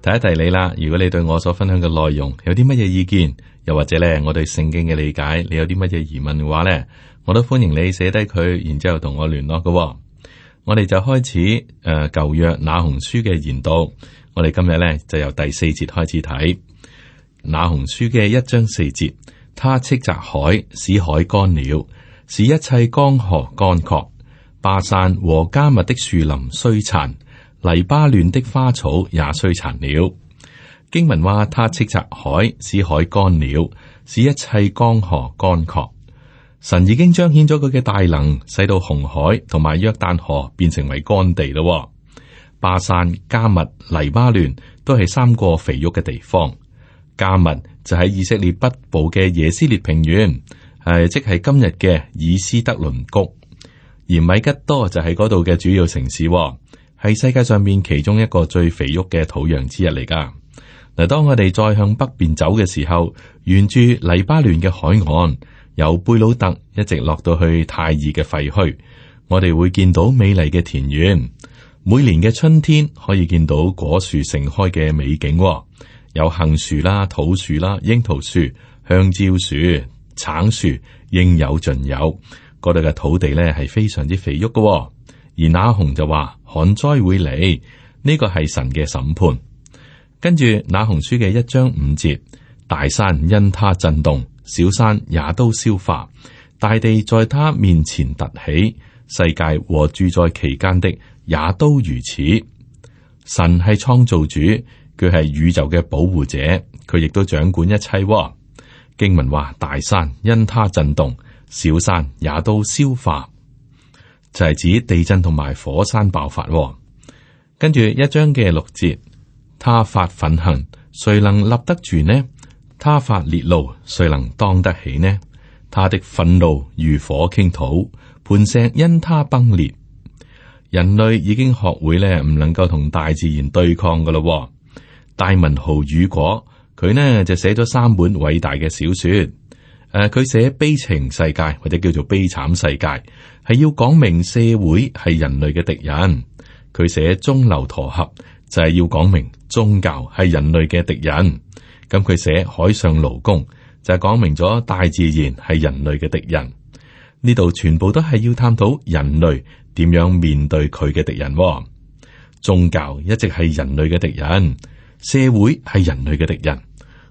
睇一睇你啦，如果你對我所分享嘅內容有啲乜嘢意見，又或者咧我對聖經嘅理解，你有啲乜嘢疑問嘅話咧，我都歡迎你寫低佢，然之後同我聯絡嘅、哦。我哋就開始誒、呃、舊約拿紅書嘅言道，我哋今日咧就由第四節開始睇那紅書嘅一章四節，他斥責海，使海乾了，使一切江河乾涸，巴山和加密的樹林衰殘。黎巴嫩的花草也衰殘了。經文話，他斥責海，使海乾了，使一切江河乾涸。神已經彰顯咗佢嘅大能，使到紅海同埋約旦河變成為乾地咯。巴山、加密、黎巴嫩都係三個肥沃嘅地方。加密就喺以色列北部嘅耶斯列平原，係、啊、即係今日嘅以斯德倫谷，而米吉多就喺嗰度嘅主要城市。係世界上面其中一個最肥沃嘅土壤之一嚟㗎。嗱，當我哋再向北邊走嘅時候，沿住黎巴嫩嘅海岸，由貝魯特一直落到去泰爾嘅廢墟，我哋會見到美麗嘅田園。每年嘅春天可以見到果樹盛開嘅美景。哦，有杏樹啦、桃樹啦、櫻桃樹、香蕉樹、橙樹，應有盡有。嗰度嘅土地咧係非常之肥沃嘅哦。而那鴻就話。旱災會嚟，呢個係神嘅審判。跟住《那鴻書》嘅一章五節：大山因他震動，小山也都消化，大地在他面前突起，世界和住在其間的也都如此。神係創造主，佢係宇宙嘅保護者，佢亦都掌管一切哦。經文話：大山因他震動，小山也都消化。就係指地震同埋火山爆發，跟住一章嘅六節，他發憤恨，誰能立得住呢？他發烈怒，誰能當得起呢？他的憤怒如火傾吐，磐石因他崩裂。人類已經學會咧唔能夠同大自然對抗噶啦。大文豪雨果，佢呢就寫咗三本偉大嘅小說。誒，佢寫悲情世界或者叫做悲慘世界，係要講明社會係人類嘅敵人；佢寫中流陀俠就係、是、要講明宗教係人類嘅敵人；咁佢寫海上勞工就係、是、講明咗大自然係人類嘅敵人。呢度全部都係要探討人類點樣面對佢嘅敵人。宗教一直係人類嘅敵人，社會係人類嘅敵人。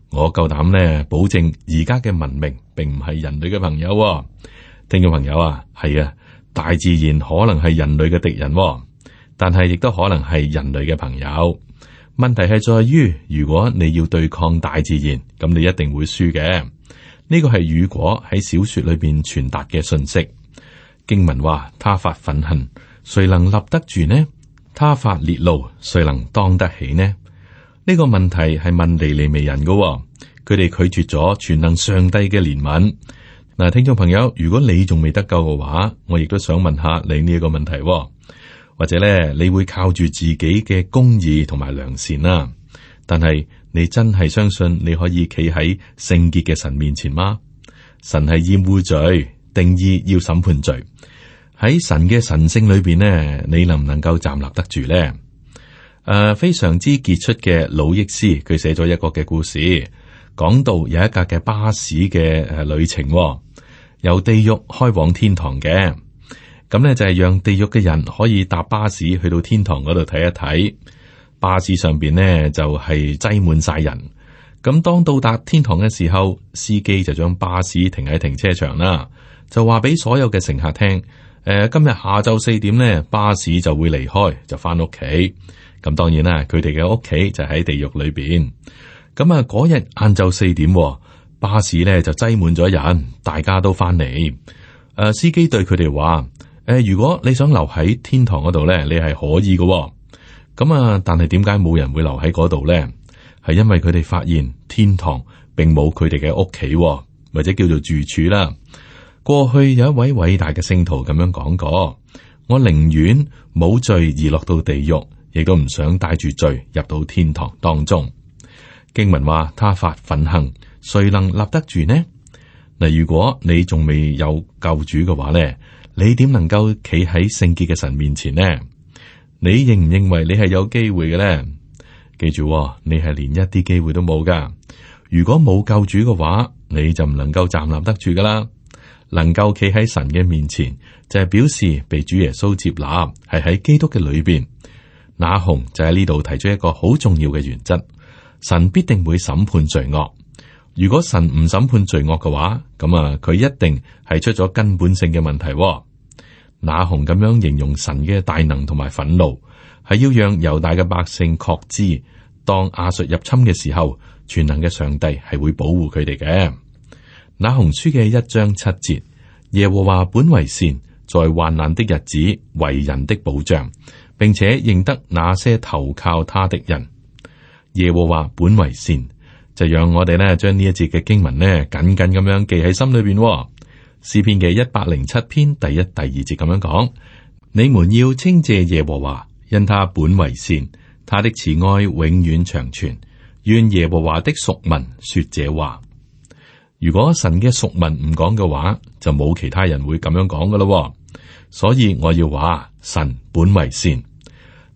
我夠膽呢，保證而家嘅文明並唔係人類嘅朋友喎。聽眾朋友啊，係啊，大自然可能係人類嘅敵人喎，但係亦都可能係人類嘅朋友。問題係在於，如果你要對抗大自然，咁你一定會輸嘅。呢個係雨果喺小說裏邊傳達嘅信息。經文話：他發忿恨，誰能立得住呢？他發烈怒，誰能當得起呢？呢個問題係問尼尼微人嘅，哦，佢哋拒絕咗全能上帝嘅憐憫。嗱，聽眾朋友，如果你仲未得救嘅話，我亦都想問下你呢一個問題，哦，或者咧你會靠住自己嘅公義同埋良善啊？但係你真係相信你可以企喺聖潔嘅神面前嗎？神係厭惡罪，定義要審判罪。喺神嘅神聖裏邊呢，你能唔能夠站立得住呢？誒，uh, 非常之傑出嘅魯益斯，佢寫咗一個嘅故事，講到有一架嘅巴士嘅誒旅程，由地獄開往天堂嘅。咁呢，就係、是、讓地獄嘅人可以搭巴士去到天堂嗰度睇一睇。巴士上邊呢，就係擠滿晒人。咁當到達天堂嘅時候，司機就將巴士停喺停車場啦，就話俾所有嘅乘客聽：誒、呃，今日下晝四點呢，巴士就會離開，就翻屋企。咁當然啦，佢哋嘅屋企就喺地獄裏邊。咁啊，嗰日晏晝四點，巴士咧就擠滿咗人，大家都翻嚟。誒、啊，司機對佢哋話：誒、呃，如果你想留喺天堂嗰度咧，你係可以嘅。咁啊，但係點解冇人會留喺嗰度咧？係因為佢哋發現天堂並冇佢哋嘅屋企或者叫做住處啦。過去有一位偉大嘅聖徒咁樣講過：我寧願冇罪而落到地獄。你都唔想帶住罪入到天堂當中。經文話：他發憤恨，誰能立得住呢？嗱，如果你仲未有救主嘅話咧，你點能夠企喺聖潔嘅神面前呢？你認唔認為你係有機會嘅咧？記住喎，你係連一啲機會都冇噶。如果冇救主嘅話，你就唔能夠站立得住噶啦。能夠企喺神嘅面前，就係表示被主耶穌接納，係喺基督嘅裏面。那鴻就喺呢度提出一個好重要嘅原則：神必定會審判罪惡。如果神唔審判罪惡嘅話，咁啊佢一定係出咗根本性嘅問題。那鴻咁樣形容神嘅大能同埋憤怒，係要讓猶大嘅百姓確知，當亞述入侵嘅時候，全能嘅上帝係會保護佢哋嘅。那鴻書嘅一章七節，耶和華本為善，在患難的日子為人的保障。並且認得那些投靠他的人。耶和華本為善。就讓我哋咧將呢一節嘅經文咧緊緊咁樣記喺心裏邊。詩篇嘅一百零七篇第一、第二節咁樣講：你們要稱謝耶和華，因他本為善，他的慈愛永遠長存。願耶和華的贖民說這話。如果神嘅贖民唔講嘅話，就冇其他人會咁樣講噶咯。」所以我要話，神本為善。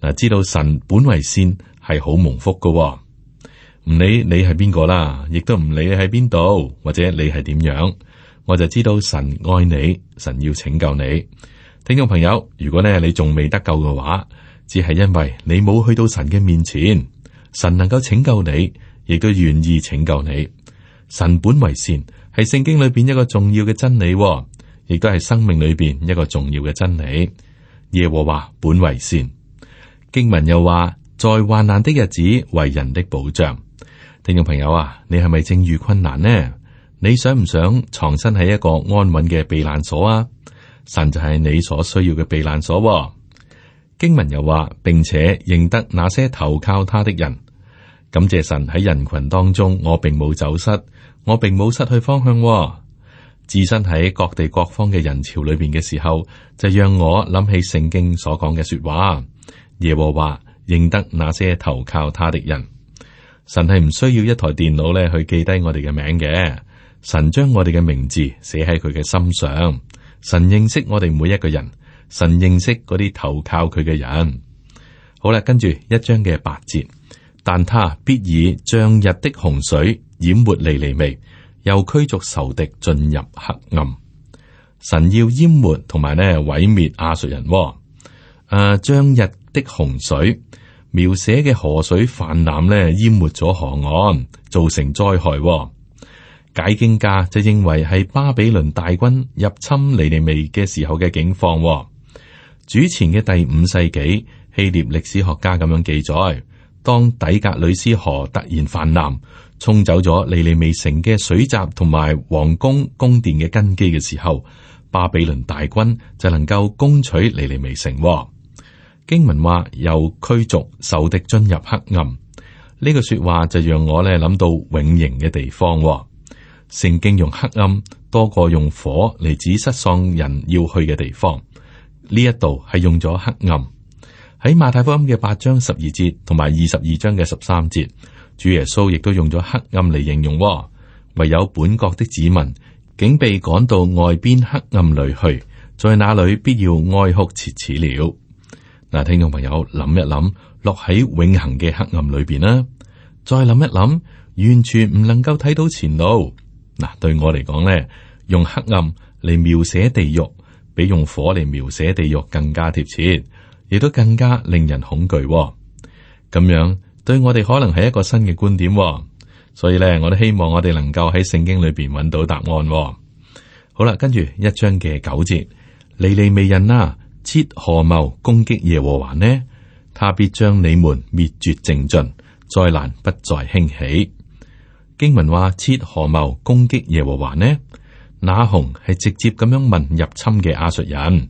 嗱，知道神本為善係好蒙福㗎喎，唔理你係邊個啦，亦都唔理你喺邊度或者你係點樣，我就知道神愛你，神要拯救你。聽眾朋友，如果咧你仲未得救嘅話，只係因為你冇去到神嘅面前，神能夠拯救你，亦都願意拯救你。神本為善係聖經裏邊一個重要嘅真理喎，亦都係生命裏邊一個重要嘅真理。耶和華本為善。經文又話，在患難的日子為人的保障。聽眾朋友啊，你係咪正遇困難呢？你想唔想藏身喺一個安穩嘅避難所啊？神就係你所需要嘅避難所喎。經文又話，並且認得那些投靠他的人。感謝神喺人群當中，我並冇走失，我並冇失去方向喎。置身喺各地各方嘅人潮裏面嘅時候，就讓我諗起聖經所講嘅說話。耶和華認得那些投靠他的人。神係唔需要一台電腦咧，去記低我哋嘅名嘅。神將我哋嘅名字寫喺佢嘅心上。神認識我哋每一個人，神認識嗰啲投靠佢嘅人。好啦，跟住一章嘅八節，但他必以漲溢的洪水淹沒尼尼微，又驅逐仇敵進入黑暗。神要淹沒同埋咧毀滅亞述人，誒，漲溢。的洪水描寫嘅河水泛濫咧，淹沒咗河岸，造成災害，哦。解經家就認為係巴比倫大軍入侵尼尼微嘅時候嘅境況。主前嘅第五世紀希臘歷史學家咁樣記載，當底格里斯河突然泛濫，沖走咗尼尼微城嘅水閘同埋皇宮宮殿嘅根基嘅時候，巴比倫大軍就能夠攻取尼尼微城，哦。經文話：又驅逐仇敵進入黑暗，呢句說話就讓我呢諗到永刑嘅地方、哦。聖經用黑暗多過用火嚟指失喪人要去嘅地方。呢一度係用咗黑暗喺馬太福音嘅八章十二節同埋二十二章嘅十三節，主耶穌亦都用咗黑暗嚟形容、哦。唯有本國的子民竟被趕到外邊黑暗裏去，在那裏必要哀哭切齒了。嗱，聽眾朋友諗一諗，落喺永恒嘅黑暗裏邊啦，再諗一諗，完全唔能夠睇到前路。嗱，對我嚟講咧，用黑暗嚟描寫地獄，比用火嚟描寫地獄更加貼切，亦都更加令人恐懼。咁樣對我哋可能係一個新嘅觀點。所以咧，我都希望我哋能夠喺聖經裏邊揾到答案。好啦，跟住一章嘅九節，尼尼微人啦、啊。切何謀攻擊耶和華呢？他必將你們滅絕淨盡，災難不再興起。經文話切何謀攻擊耶和華呢？那鴻係直接咁樣問入侵嘅亞述人，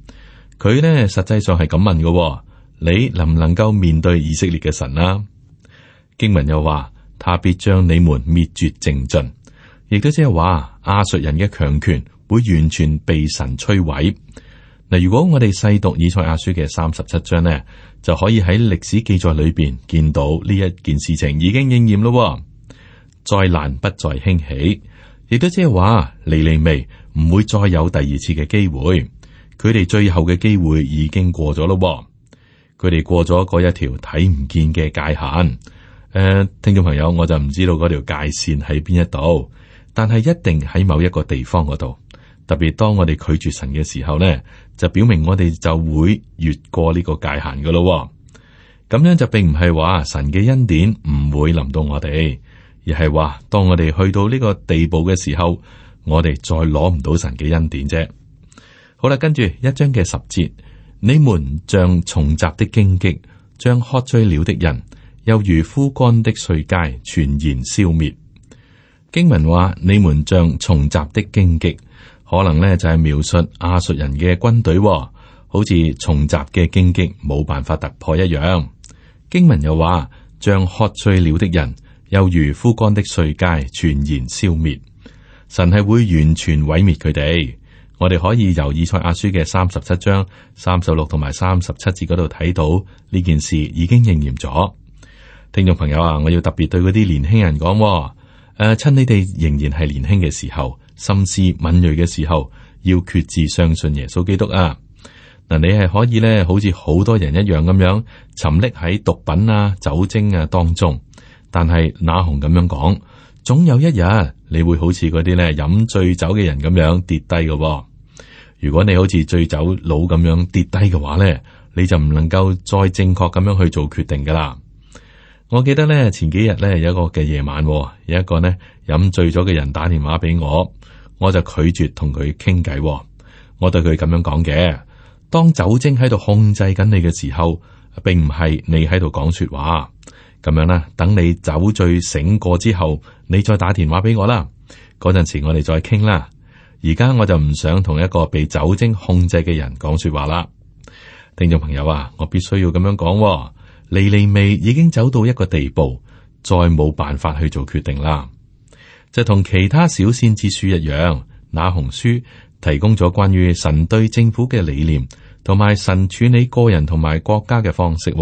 佢呢，實際上係咁問嘅，你能唔能夠面對以色列嘅神啊？」經文又話他必將你們滅絕淨盡，亦都即係話亞述人嘅強權會完全被神摧毀。嗱，如果我哋細讀以賽亞書嘅三十七章呢，就可以喺歷史記載裏邊見到呢一件事情已經應驗咯，災難不再興起，亦都即係話尼尼微唔會再有第二次嘅機會，佢哋最後嘅機會已經過咗咯，佢哋過咗嗰一條睇唔見嘅界限。誒、呃，聽眾朋友，我就唔知道嗰條界線喺邊一度，但係一定喺某一個地方嗰度。特別當我哋拒絕神嘅時候呢，就表明我哋就會越過呢個界限噶咯。咁樣就並唔係話神嘅恩典唔會臨到我哋，而係話當我哋去到呢個地步嘅時候，我哋再攞唔到神嘅恩典啫。好啦，跟住一章嘅十節，你們像叢雜的荊棘，將喝醉了的人，又如枯乾的碎秸，全然消滅。經文話：你們像叢雜的荊棘。可能咧就係描述亞述人嘅軍隊、哦，好似重集嘅荊棘冇辦法突破一樣。經文又話，像喝醉了的人，又如枯乾的碎秸，全然消滅。神係會完全毀滅佢哋。我哋可以由以賽亞書嘅三十七章三十六同埋三十七節嗰度睇到呢件事已經應驗咗。聽眾朋友啊，我要特別對嗰啲年輕人講、哦，誒、啊，趁你哋仍然係年輕嘅時候，心思敏銳嘅時候，要決志相信耶穌基督啊！嗱，你係可以咧，好似好多人一樣咁樣沉溺喺毒品啊、酒精啊當中，但係那鴻咁樣講，總有一日你會好似嗰啲咧飲醉酒嘅人咁樣跌低噶喎。如果你好似醉酒佬咁樣跌低嘅話咧，你就唔能夠再正確咁樣去做決定噶啦。我記得咧前幾日咧有一個嘅夜晚啊，有一個呢飲醉咗嘅人打電話俾我。我就拒絕同佢傾偈喎，我對佢咁樣講嘅。當酒精喺度控制緊你嘅時候，並唔係你喺度講說話。咁樣啦，等你酒醉醒過之後，你再打電話俾我啦。嗰陣時我哋再傾啦。而家我就唔想同一個被酒精控制嘅人講說話啦。聽眾朋友啊，我必須要咁樣講喎。李麗媚已經走到一個地步，再冇辦法去做決定啦。就同其他小先知書一樣，那鴻書提供咗關於神對政府嘅理念，同埋神處理個人同埋國家嘅方式。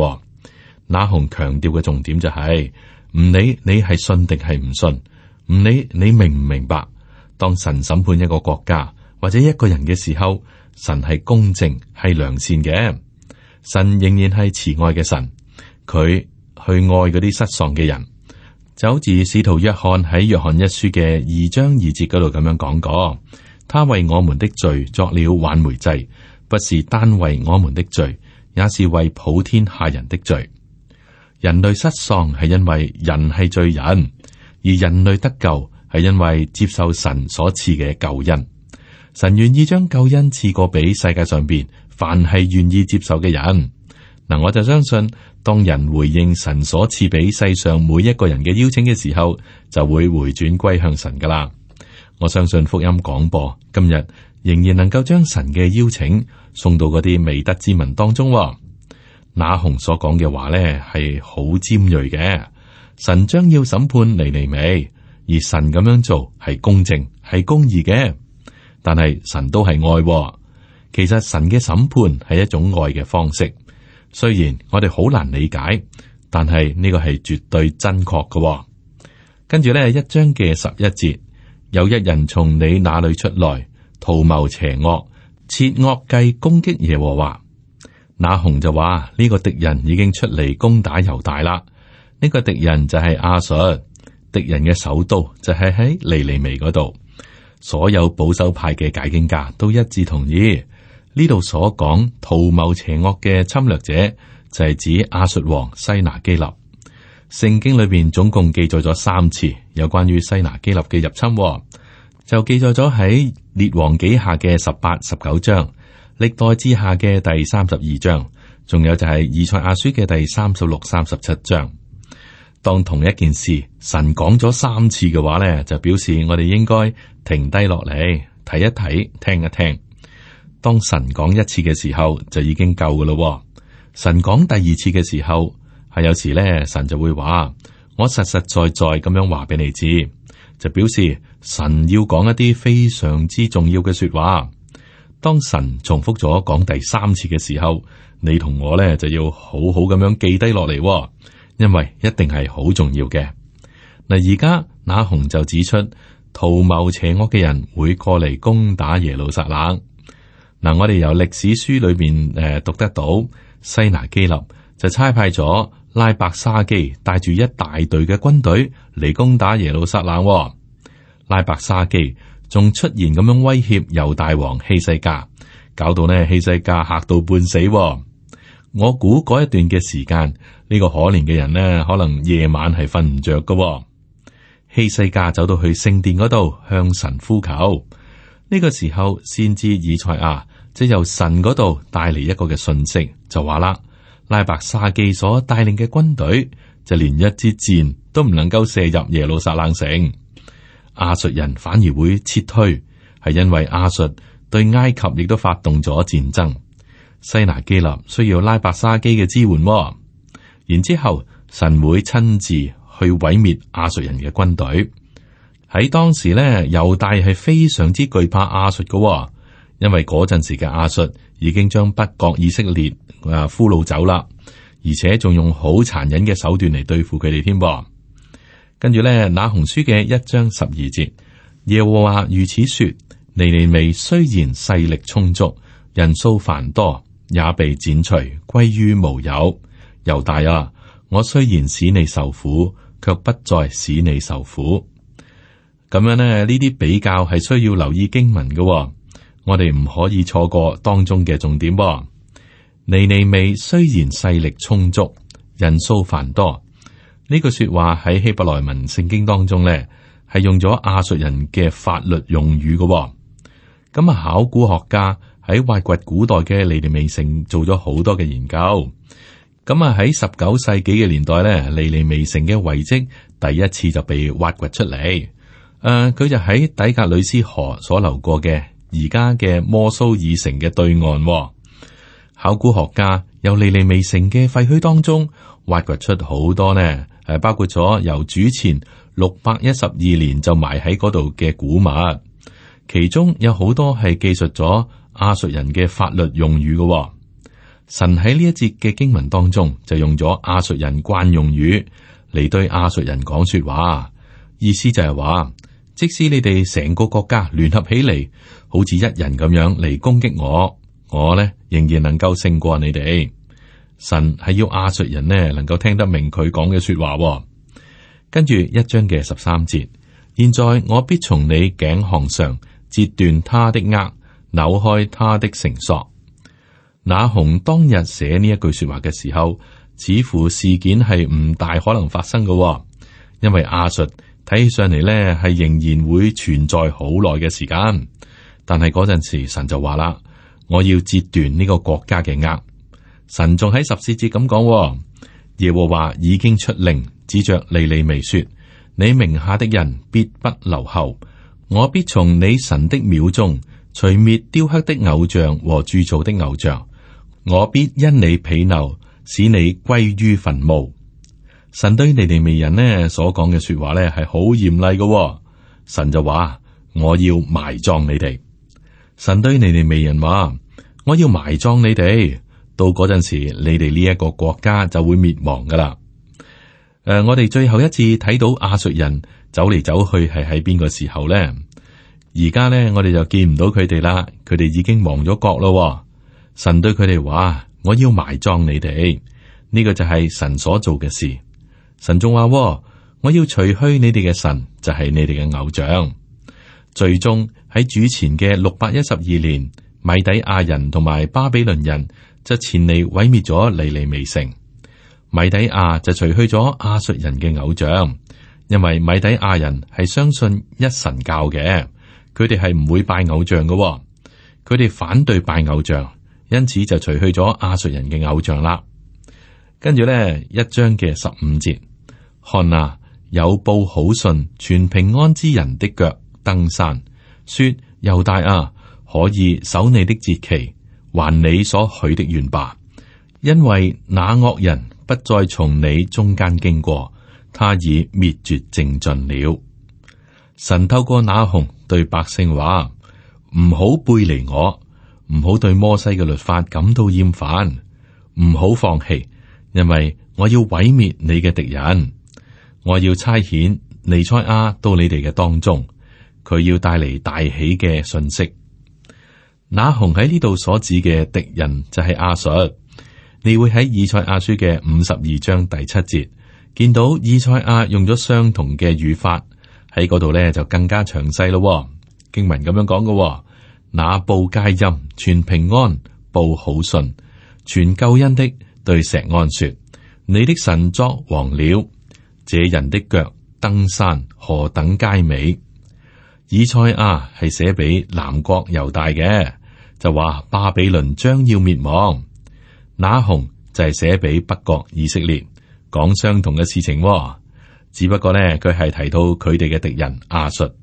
那鴻強調嘅重點就係唔理你係信定係唔信，唔理你明唔明白，當神審判一個國家或者一個人嘅時候，神係公正係良善嘅，神仍然係慈愛嘅神，佢去愛嗰啲失喪嘅人。就好似使徒約翰喺約翰一書嘅二章二節嗰度咁樣講過，他為我們的罪作了挽回祭，不是單為我們的罪，也是為普天下人的罪。人類失喪係因為人係罪人，而人類得救係因為接受神所賜嘅救恩。神願意將救恩賜過俾世界上邊凡係願意接受嘅人。嗱，我就相信。當人回應神所賜俾世上每一個人嘅邀請嘅時候，就會回轉歸向神噶啦。我相信福音廣播今日仍然能夠將神嘅邀請送到嗰啲未得之民當中，哦。那雄那鴻所講嘅話呢，係好尖銳嘅，神將要審判尼尼微，而神咁樣做係公正、係公義嘅。但係神都係愛，哦，其實神嘅審判係一種愛嘅方式。雖然我哋好難理解，但係呢個係絕對真確嘅、哦。跟住咧，一章嘅十一節，有一人從你那裏出來，圖謀邪惡，設惡計攻擊耶和華。那鴻就話呢、這個敵人已經出嚟攻打猶大啦。呢、這個敵人就係亞述，敵人嘅首都就係喺尼尼微嗰度。所有保守派嘅解經家都一致同意。呢度所講圖謀邪惡嘅侵略者，就係指亞述王西拿基立。聖經裏邊總共記載咗三次有關於西拿基立嘅入侵，就記載咗喺列王紀下嘅十八、十九章，歷代志下嘅第三十二章，仲有就係以賽亞書嘅第三十六、三十七章。當同一件事神講咗三次嘅話呢，就表示我哋應該停低落嚟睇一睇、聽一聽。當神講一次嘅時候就已經夠噶咯。神講第二次嘅時候，係有時咧神就會話：我實實在在咁樣話俾你知，就表示神要講一啲非常之重要嘅說話。當神重複咗講第三次嘅時候，你同我咧就要好好咁樣記低落嚟，因為一定係好重要嘅。嗱，而家那鴻就指出，圖謀邪惡嘅人會過嚟攻打耶路撒冷。嗱、嗯，我哋由歷史書裏面誒、呃、讀得到，西拿基立就差派咗拉伯沙基帶住一大隊嘅軍隊嚟攻打耶路撒冷、哦。拉伯沙基仲出言咁樣威脅猶大王希西家，搞到呢希西家吓到半死、哦。我估嗰一段嘅時間，呢、這個可憐嘅人呢可能夜晚係瞓唔着噶。希西家走到去聖殿嗰度向神呼求。呢個時候，先知以賽亞即由神嗰度帶嚟一個嘅訊息，就話啦：拉伯沙基所帶領嘅軍隊，就連一支箭都唔能夠射入耶路撒冷城。亞述人反而會撤退，係因為亞述對埃及亦都發動咗戰爭。西拿基立需要拉伯沙基嘅支援，然之後神會親自去毀滅亞述人嘅軍隊。喺當時呢，猶大係非常之懼怕亞述嘅，因為嗰陣時嘅亞述已經將北國以色列啊俘虜走啦，而且仲用好殘忍嘅手段嚟對付佢哋添。噃跟住呢，那鴻書嘅一章十二節，耶和華如此說：尼尼微雖然勢力充足，人數繁多，也被剪除，歸於無有。猶大啊，我雖然使你受苦，卻不再使你受苦。咁樣呢，呢啲比較係需要留意經文嘅、哦。我哋唔可以錯過當中嘅重點、哦。尼尼微雖然勢力充足，人數繁多，呢句說話喺希伯來文聖經當中呢，係用咗亞述人嘅法律用語嘅、哦。咁、嗯、啊，考古學家喺挖掘古代嘅尼尼微城做咗好多嘅研究。咁、嗯、啊，喺十九世紀嘅年代呢，尼尼微城嘅遺迹第一次就被挖掘出嚟。誒，佢、uh, 就喺底格里斯河所流過嘅而家嘅摩蘇爾城嘅對岸、哦，考古學家由尼尼微城嘅廢墟當中挖掘出好多咧，係包括咗由主前六百一十二年就埋喺嗰度嘅古物，其中有好多係記述咗亞述人嘅法律用語嘅、哦。神喺呢一節嘅經文當中就用咗亞述人慣用語嚟對亞述人講說話，意思就係話。即使你哋成個國家聯合起嚟，好似一人咁樣嚟攻擊我，我呢仍然能夠勝過你哋。神係要亞述人呢，能夠聽得明佢講嘅說話、哦。跟住一章嘅十三節，現在我必從你頸項上截斷他的軛，扭開他的繩索。那鴻當日寫呢一句說話嘅時候，似乎事件係唔大可能發生嘅、哦，因為亞述。睇起上嚟咧，係仍然會存在好耐嘅時間。但係嗰陣時，神就話啦：我要截斷呢個國家嘅惡。神仲喺十四節咁講：耶和華已經出令，指着尼尼微說：你名下的人必不留後，我必從你神的廟中除滅雕刻的偶像和鑄造的偶像，我必因你鄙陋，使你歸於墳墓。神對尼尼微人呢？所講嘅說話呢，係好嚴厲嘅、哦。神就話：我要埋葬你哋。神對尼尼微人話：我要埋葬你哋。到嗰陣時，你哋呢一個國家就會滅亡噶啦。誒、呃，我哋最後一次睇到亞述人走嚟走去係喺邊個時候呢？而家呢，我哋就見唔到佢哋啦。佢哋已經亡咗國咯、哦。神對佢哋話：我要埋葬你哋。呢、這個就係神所做嘅事。神仲話：我要除去你哋嘅神，就係你哋嘅偶像。最終喺主前嘅六百一十二年，米底亞人同埋巴比倫人就前嚟毀滅咗尼尼微城。米底亞就除去咗亞述人嘅偶像，因為米底亞人係相信一神教嘅，佢哋係唔會拜偶像嘅，佢哋反對拜偶像，因此就除去咗亞述人嘅偶像啦。跟住呢，一章嘅十五節。看啊，有報好信，全平安之人的腳登山，說猶大啊，可以守你的節期，還你所許的願吧。因為那惡人不再從你中間經過，他已滅絕淨盡了。神透過那鴻對百姓話：唔好背離我，唔好對摩西嘅律法感到厭煩，唔好放棄，因為我要毀滅你嘅敵人。我要差遣尼塞阿到你哋嘅當中，佢要帶嚟大喜嘅信息。那鴻喺呢度所指嘅敵人就係亞述。你會喺以賽亞書嘅五十二章第七節見到以賽亞用咗相同嘅語法，喺嗰度咧，就更加詳細咯、哦。經文咁樣講嘅、哦，那報佳音，傳平安，報好信，傳救恩的對錫安說：你的神作王了。這人的腳登山何等佳美？以賽亞係寫俾南國猶大嘅，就話巴比倫將要滅亡。那鴻就係寫俾北國以色列，講相同嘅事情、哦。只不過呢，佢係提到佢哋嘅敵人亞述。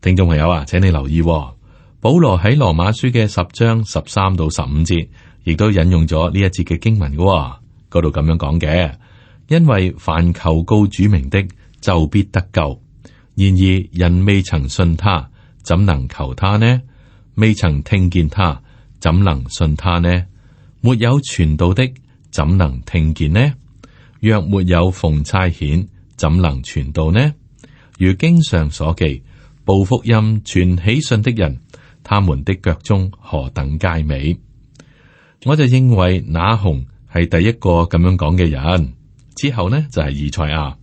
聽眾朋友啊，請你留意、哦，保羅喺羅馬書嘅十章十三到十五節，亦都引用咗呢一節嘅經文嘅、哦，嗰度咁樣講嘅。因為凡求告主名的，就必得救。然而人未曾信他，怎能求他呢？未曾聽見他，怎能信他呢？沒有傳道的，怎能聽見呢？若沒有奉差遣，怎能傳道呢？如經上所記，報福音傳喜信的人，他們的腳中何等佳美！我就認為那鴻係第一個咁樣講嘅人。之後呢就係、是、以賽亞，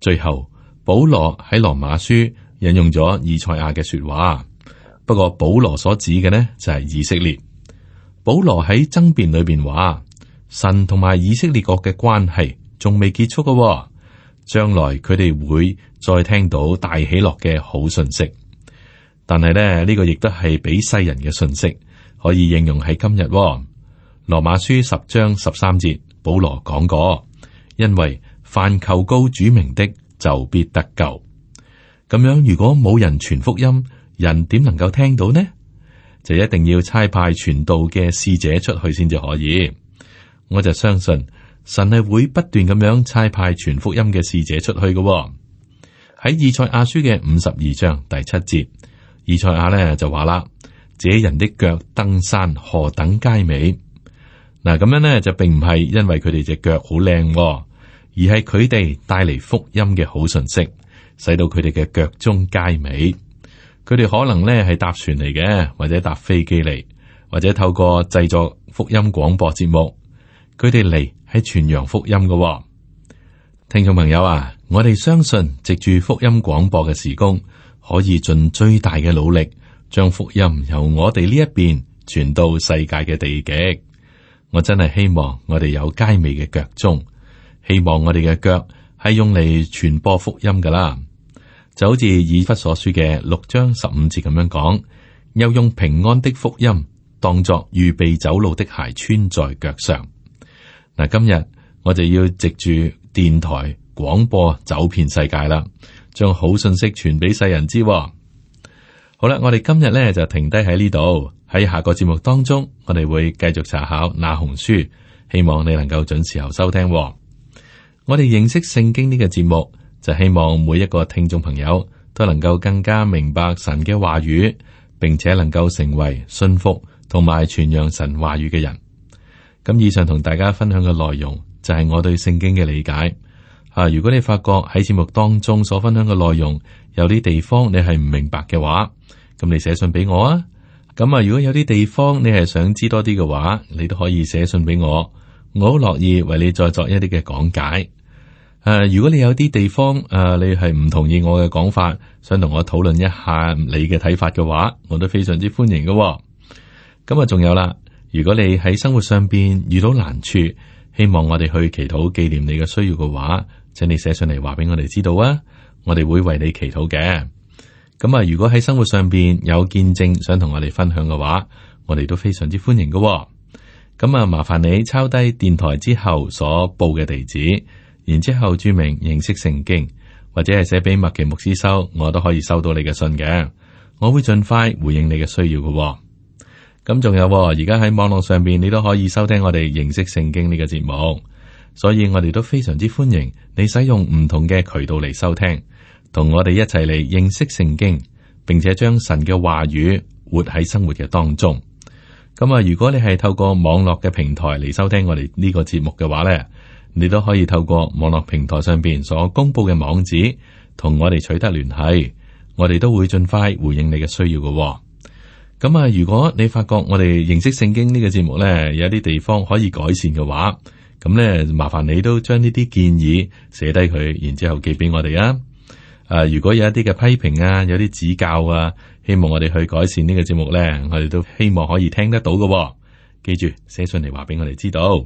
最後保羅喺羅馬書引用咗以賽亞嘅說話，不過保羅所指嘅呢就係、是、以色列。保羅喺爭辯裏邊話，神同埋以色列國嘅關係仲未結束噶、啊，將來佢哋會再聽到大喜樂嘅好信息。但係呢呢、這個亦都係俾世人嘅信息，可以應用喺今日、啊。羅馬書十章十三節，保羅講過。因為凡求告主名的就必得救。咁樣，如果冇人傳福音，人點能夠聽到呢？就一定要差派傳道嘅使者出去先至可以。我就相信神係會不斷咁樣差派傳福音嘅使者出去嘅。喺以賽亞書嘅五十二章第七節，以賽亞咧就話啦：這人的腳登山何等佳美。嗱，咁樣咧就並唔係因為佢哋隻腳好靚，而係佢哋帶嚟福音嘅好信息，使到佢哋嘅腳中佳美。佢哋可能咧係搭船嚟嘅，或者搭飛機嚟，或者透過製作福音廣播節目，佢哋嚟係傳揚福音噶、哦。聽眾朋友啊，我哋相信藉住福音廣播嘅時工，可以盡最大嘅努力，將福音由我哋呢一邊傳到世界嘅地極。我真係希望我哋有佳美嘅腳蹤，希望我哋嘅腳係用嚟傳播福音噶啦，就好似以弗所書嘅六章十五節咁樣講，又用平安的福音當作預備走路的鞋穿在腳上。嗱，今日我就要藉住電台廣播走遍世界啦，將好信息傳俾世人知喎。好啦，我哋今日呢就停低喺呢度。喺下個節目當中，我哋會繼續查考那鴻書，希望你能夠準時候收聽哦。我哋認識聖經呢個節目，就希望每一個聽眾朋友都能夠更加明白神嘅話語，並且能夠成為信服同埋傳揚神話語嘅人。咁以上同大家分享嘅內容就係我對聖經嘅理解。啊，如果你發覺喺節目當中所分享嘅內容有啲地方你係唔明白嘅話，咁你寫信俾我啊。咁啊，如果有啲地方你係想知多啲嘅話，你都可以寫信俾我，我好樂意為你再作一啲嘅講解。誒、啊，如果你有啲地方誒、啊，你係唔同意我嘅講法，想同我討論一下你嘅睇法嘅話，我都非常之歡迎嘅、哦。咁啊，仲有啦，如果你喺生活上邊遇到難處，希望我哋去祈禱紀念你嘅需要嘅話，請你寫信嚟話俾我哋知道啊，我哋會為你祈禱嘅。咁啊，如果喺生活上邊有見證想同我哋分享嘅話，我哋都非常之歡迎嘅。咁啊，麻煩你抄低電台之後所報嘅地址，然之後注明認識聖經，或者係寫俾麥奇牧師收，我都可以收到你嘅信嘅。我會盡快回應你嘅需要嘅喎。咁仲有，而家喺網絡上邊你都可以收聽我哋認識聖經呢個節目，所以我哋都非常之歡迎你使用唔同嘅渠道嚟收聽。同我哋一齊嚟認識聖經，並且將神嘅話語活喺生活嘅當中。咁啊，如果你係透過網絡嘅平台嚟收聽我哋呢個節目嘅話呢，你都可以透過網絡平台上邊所公布嘅網址，同我哋取得聯繫。我哋都會盡快回應你嘅需要嘅。咁啊，如果你發覺我哋認識聖經呢個節目呢，有啲地方可以改善嘅話，咁呢，麻煩你都將呢啲建議寫低佢，然之後寄俾我哋啊。啊！如果有一啲嘅批評啊，有啲指教啊，希望我哋去改善呢個節目呢，我哋都希望可以聽得到嘅喔。記住寫信嚟話俾我哋知道。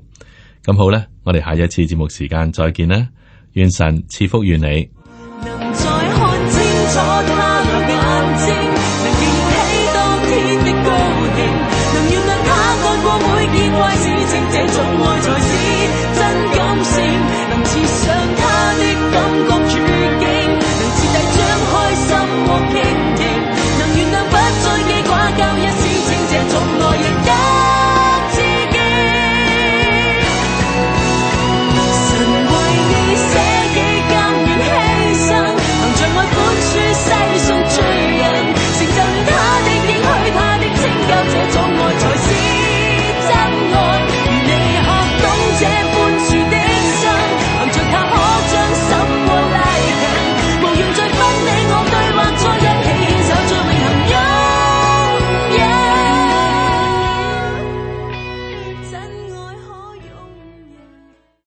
咁好啦，我哋下一次節目時間再見啦，願神賜福於你。嗯嗯